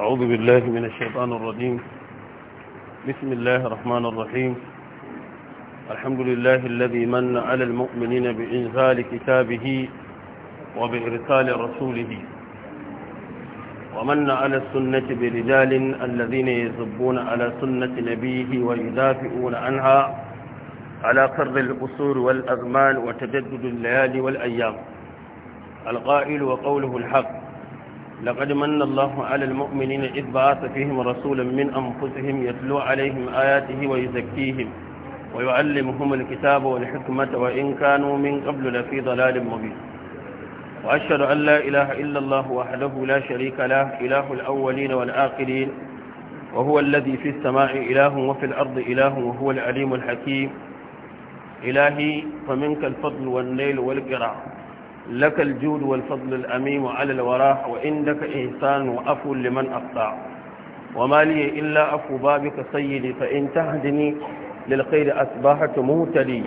أعوذ بالله من الشيطان الرجيم بسم الله الرحمن الرحيم الحمد لله الذي من على المؤمنين بإنزال كتابه وبإرسال رسوله ومن على السنة برجال الذين يزبون على سنة نبيه ويدافئون عنها على قرض القصور والأغمال وتجدد الليالي والأيام القائل وقوله الحق لقد من الله على المؤمنين إذ بعث فيهم رسولا من أنفسهم يتلو عليهم آياته ويزكيهم ويعلمهم الكتاب والحكمة وإن كانوا من قبل لفي ضلال مبين وأشهد أن لا إله إلا الله وحده لا شريك له إله الأولين والآخرين وهو الذي في السماء إله وفي الأرض إله وهو العليم الحكيم إلهي فمنك الفضل والنيل والقراء لك الجود والفضل الأميم على الوراح وإنك إحسان وأفو لمن أقطع وما لي إلا أفو بابك سيدي فإن تهدني للخير أصبحت لي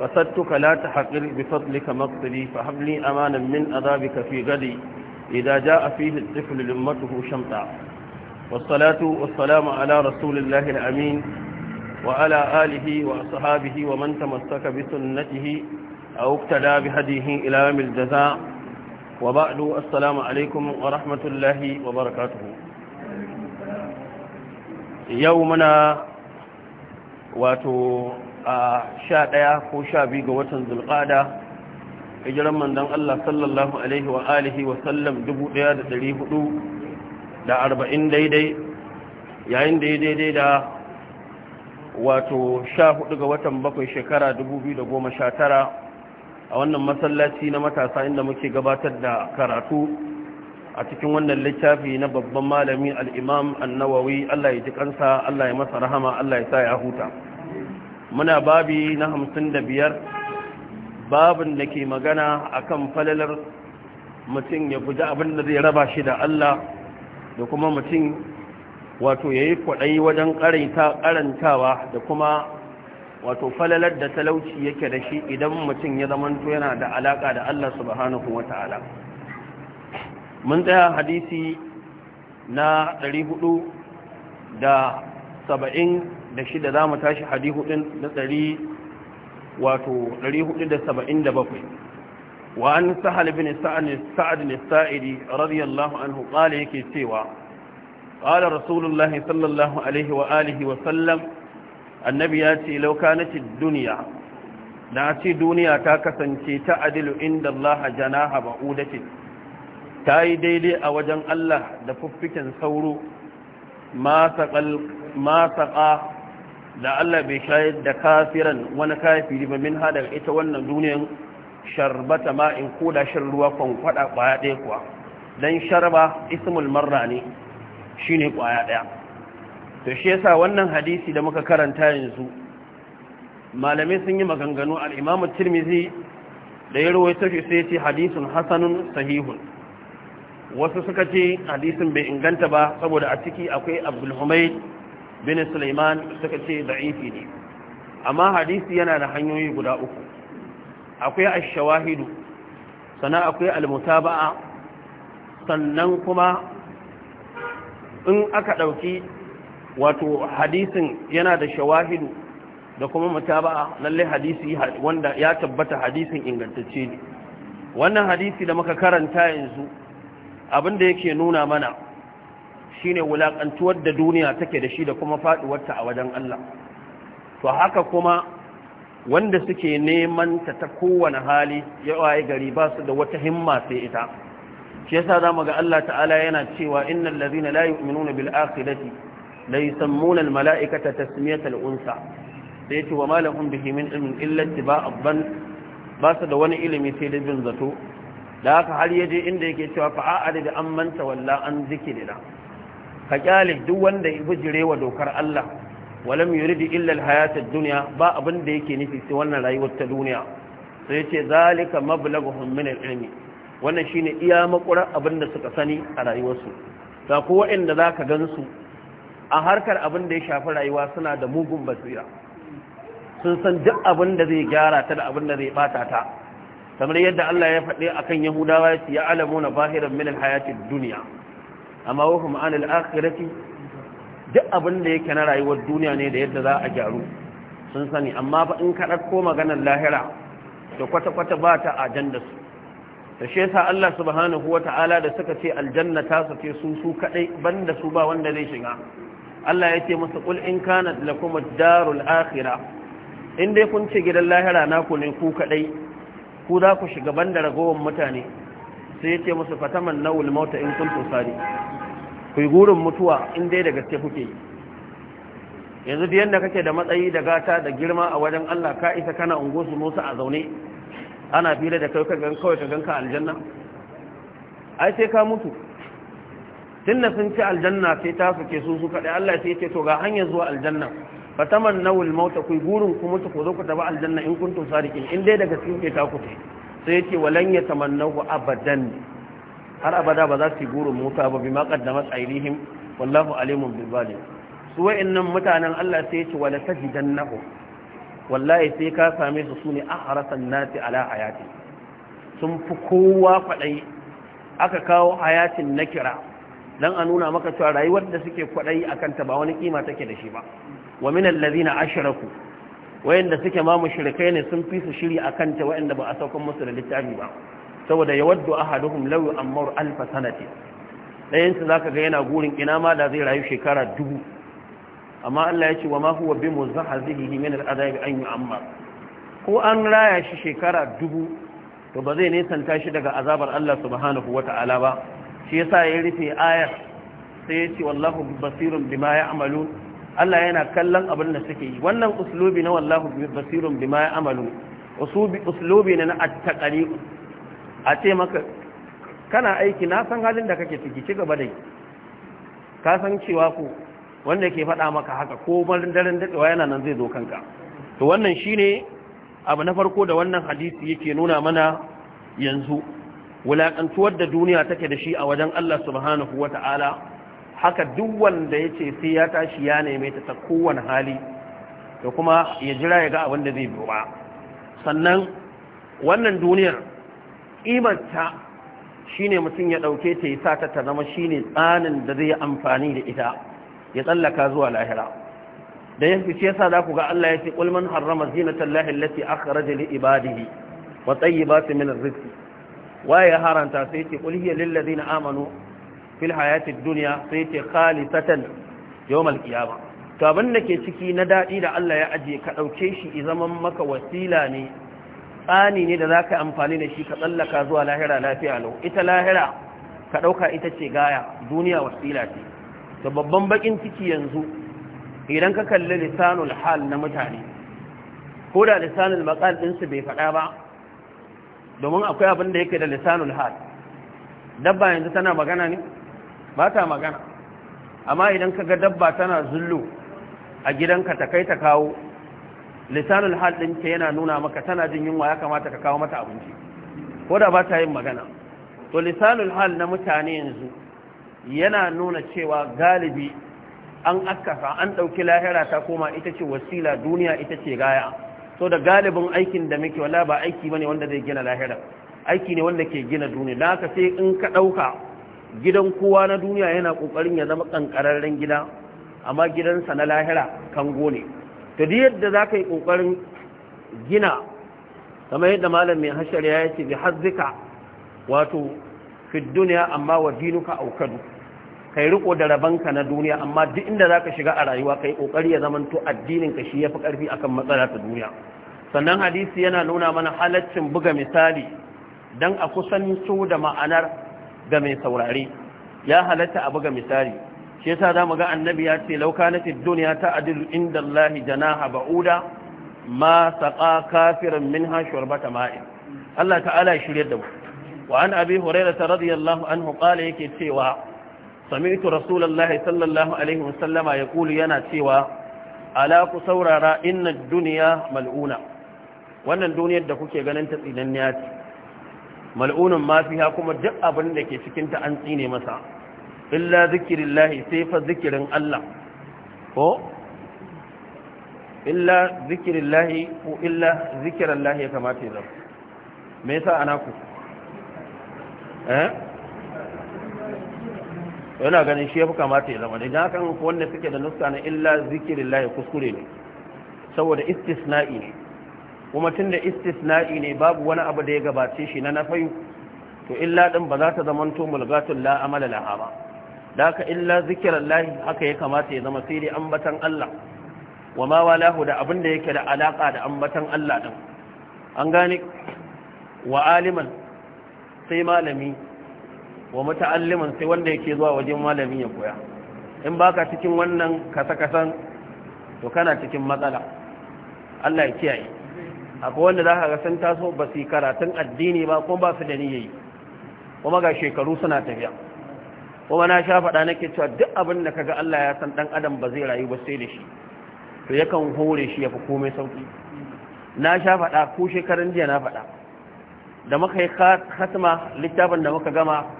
فصدتك لا تحقر بفضلك مقتلي فهب لي أمانا من أذابك في غدي إذا جاء فيه الطفل لأمته شمطا والصلاة والسلام على رسول الله الأمين وعلى آله وأصحابه ومن تمسك بسنته أو اقتدى بهديه إلى يوم الجزاء وبعد السلام عليكم ورحمة الله وبركاته يومنا wato a sha ɗaya ko sha biyu ga watan zulƙada hijiran mandan Allah sallallahu Alaihi wa alihi wa sallam arba'in daidai yayin da ya daidai da wato sha hudu ga watan bakwai shekara dubu biyu da goma sha tara a wannan masallaci na matasa inda muke gabatar da karatu a cikin wannan littafi na babban malami al'imam annawawi Allah ya ji kansa Allah ya masa rahama Allah ya sa ya huta muna babi na hamsin da biyar babin da ke magana akan falalar mutum ya guji abin da zai raba shi da Allah da kuma mutum wato ya yi kwaɗayi wajen ƙarantawa da kuma wato falalar da talauci yake da shi idan mutum ya zamanto yana da alaka da Allah subhanahu Ta'ala. mun tsaya hadisi na 400 da 70 da shida za mu tashi hadihudin da 100 wato 477 وعن سهل بن Sa'ad السائدي رضي الله عنه قال يكي سوى قال رسول الله صلى الله عليه وآله وسلم annabi ya ce laukanati duniya Na ce duniya ta kasance ta adilu inda da janaha ba'udati ta yi daidai a wajen Allah da fuffiken sauro ma saƙa da Allah bai shayar da kafiran wani kafiri ba min hada ita wannan duniyan sharbata ma'in ko da shan ruwa kwankwada kwaya ɗaya kuwa don sharba ismul marra ne shine kwaya ɗaya to shi yasa wannan hadisi da muka karanta yanzu malamai sun yi maganganu al-Imam Tirmidhi da ya rawaito shi sai ce hadisun hasanun sahihun wasu suka ce hadisin bai inganta ba saboda a ciki akwai Abdul Humayd bin Sulaiman suka ce da'ifi ne amma hadisi yana da hanyoyi guda uku akwai ash-shawahidu sannan akwai al-mutaba'a sannan kuma in aka dauki wato hadisin yana da shawahidu da kuma mutaba'a lalle hadisi wanda ya tabbata hadisin ingantacce ne wannan hadisi da muka karanta yanzu abin da yake nuna mana shine wulakantuwar da duniya take da shi da kuma ta a wajen Allah to haka kuma wanda suke neman ta ta kowane hali yawaye gari ba su da wata himma sai ita shi yasa zamu ga Allah ta'ala yana cewa innal ladzina la yu'minuna bil akhirati la yusammuna malaikata tasmiyatal unsa sai ce wa malahum bihi min ilmin illa ba su da wani ilimi sai da bin zato da haka har ya je inda yake cewa fa'a'ari da an manta walla an zikirina ka kyale duk wanda ya bijire wa dokar Allah walam yuridu illa al-hayatad dunya ba abin da yake nufi sai wannan rayuwar ta duniya sai ce zalika mablaghuhum min al-ilmi wannan shine iya makurar abin da suka sani a rayuwarsu ta za ka gan su. a harkar abin da ya shafi rayuwa suna da mugun basira sun san duk abin da zai gyara ta da abin da zai bata ta kamar yadda Allah ya faɗi akan Yahudawa ya ce ya alamuna zahiran min alhayatid duniya amma wa hum an alakhirati duk abin da yake na rayuwar duniya ne da yadda za a gyaru sun sani amma fa in ka dauko maganar lahira da kwata kwata ba ta ajanda su da shi yasa Allah subhanahu wataala da suka ce aljanna ta su ce su su kadai banda su ba wanda zai shiga Allah ya ce masa qul in kanat lakum ad-darul akhirah in dai kun ce gidan lahira naku ne ku kadai ku za ku shiga banda ragowar mutane sai ya ce musu fataman nawul mauta in to sari ku gurin mutuwa in dai da gaske kuke Yanzu yanzu da kake da matsayi da gata da girma a wajen Allah ka isa kana unguwarsu musa a zaune ana fira da kai kawai ka ganka aljanna ai sai ka mutu tunda sun ci aljanna sai ta fuke su su kaɗai Allah sai ce to ga hanyar zuwa aljanna fa taman nawul mauta ku gurin ku mutu ku zo ku tafi aljanna in kuntum sadiqin in dai daga cikin ta ku ce sai yace walan ya tamannahu abadan har abada ba za su gurin muta ba bima qaddamat ailihim wallahu alimun bil zalim su wa'annan mutanen Allah sai yace wala tajidannahu wallahi sai ka same su sune ahrasan nati ala hayati sun fi kowa faɗai aka kawo hayatin nakira dan a nuna maka cewa rayuwar da suke kwadai akan ta ba wani kima take da shi ba wa min allazina ashraku wayanda suke ma mushrikai ne sun fi su shiri akan ta wayanda ba a saukan musu da littafi ba saboda yawaddu ahaduhum law yu'ammaru alf sanati dayan su zaka ga yana gurin ina ma da zai rayu shekara dubu amma Allah ya ce wa ma huwa bimuzahazihi min al'adabi an yu'amma ko an raya shi shekara dubu to ba zai nesanta shi daga azabar Allah subhanahu wata'ala ba shi yasa ya rufe ayar sai ya ce wallahu basirun bima ya'malun Allah yana kallon abin da suke yi wannan uslubi na wallahu basirun bima ya'malun usubi uslubi na at a ce maka kana aiki na san halin da kake ciki ci gaba da yi ka san cewa ko wanda ke faɗa maka haka ko marin daren daɗewa yana nan zai zo kanka to wannan shine abu na farko da wannan hadisi yake nuna mana yanzu wulaƙantuwar da duniya take da shi a wajen Allah subhanahu wa ta'ala haka duk wanda ya ce sai ya tashi ya neme ta ta kowane hali da kuma ya jira ya ga abin da zai ba sannan wannan duniyar ƙimarta shi ne mutum ya ɗauke ta yi sa ta ta zama shi ne tsanin da zai amfani da ita ya tsallaka zuwa lahira da ya fi yasa za ku ga Allah ya ce ƙulman harrama zinatan lahi lati akhraja li ibadihi wa su min rizqi waye haranta sai ce qul hiya na amanu fil hayatid dunya sai ce khalisatan yawmal qiyamah to abin da ke ciki na dadi da Allah ya aje ka dauke shi zaman maka wasila ne tsani ne da zaka amfani da shi ka tsallaka zuwa lahira lafiya lau ita lahira ka dauka ita ce gaya duniya wasila ce to babban bakin ciki yanzu idan ka kalli lisanul hal na mutane ko da lisanul maqal din su bai faɗa ba domin akwai abin da yake da lisanul hal dabba yanzu tana magana ne ba ta magana amma idan ka ga dabba tana zullu a gidanka ta kai ta kawo lisanul hal ɗinta yana nuna maka tana jin yunwa ya kamata ka kawo mata abinci ko da ba ta yin magana to lisanul hal na mutane yanzu yana nuna cewa galibi an akasa an ɗauki lahira ta koma ita ce wasila duniya ita ce gaya so da galibin aikin da muke wala ba aiki bane wanda zai gina lahira aiki ne wanda ke gina duniya da haka sai in ka ɗauka gidan kowa na duniya yana ƙoƙarin ya zama ƙanƙararren gida amma gidansa na lahira kan gone to duk yadda za ka yi ƙoƙarin gina kamar yadda malam mai hashar ya ce bi hazzika wato fi duniya amma wa dinuka aukadu kai riko da rabanka na duniya amma duk inda zaka shiga a rayuwa kai kokari ya zamanto addinin ka shi yafi karfi akan matsala ta duniya sannan hadisi yana nuna mana halaccin buga misali dan a kusan su da ma'anar ga mai saurare ya halatta a buga misali shi yasa zamu ga annabi ya ce law kanatid dunya ta'dilu inda Allah janaha ba'uda ma saqa kafiran minha shurbata ma'in Allah ta'ala shirya da mu wa an abi hurairah radiyallahu anhu qala yake cewa سمعت رسول الله صلى الله عليه وسلم يقول ينا سوى ألا كسورارا إن الدنيا ملعونة وأن الدنيا دكوكي غننت إلى النيات ملعون ما فيها كما دق أبن لكي سكنت أنسيني مسا إلا ذكر الله سيف ذكر الله هو illa zikirin lahi ko illa zikirin lahi ya kamata ya zama me yasa ana ku eh yana ganin shi ya fi kamata ya zama da idan kan wanda suke da nuska na illa zikirin laye kuskure ne saboda istisna'i ne kuma tun da istisna'i ne babu wani abu da ya gabace shi na nafayu to illa din ba za ta zama to mulgatun la amala laha ba da haka illa zikirin lahi haka ya kamata ya zama sai dai ambatan Allah wa ma lahu da abin da yake da alaka da ambatan Allah din an gane wa aliman sai malami wa muta'allimin sai wanda yake zuwa wajen malamin ya koya in baka cikin wannan kasa-kasan to kana cikin matsala Allah ya kiyaye akwai wanda za ka ga san taso ba su karatun addini ba kuma ba su da niyyi kuma ga shekaru suna tafiya kuma na sha faɗa nake cewa duk abin da kaga Allah ya san dan adam ba zai rayu ba sai da shi to yakan hore shi ya fi komai sauki na sha faɗa ko shekarun jiya na faɗa da muka yi khatma littafin da muka gama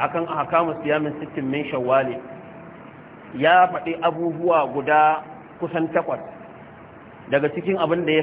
akan ahkamu siyamin sittin min shawwali ya faɗi abubuwa guda kusan takwas daga cikin abin da ya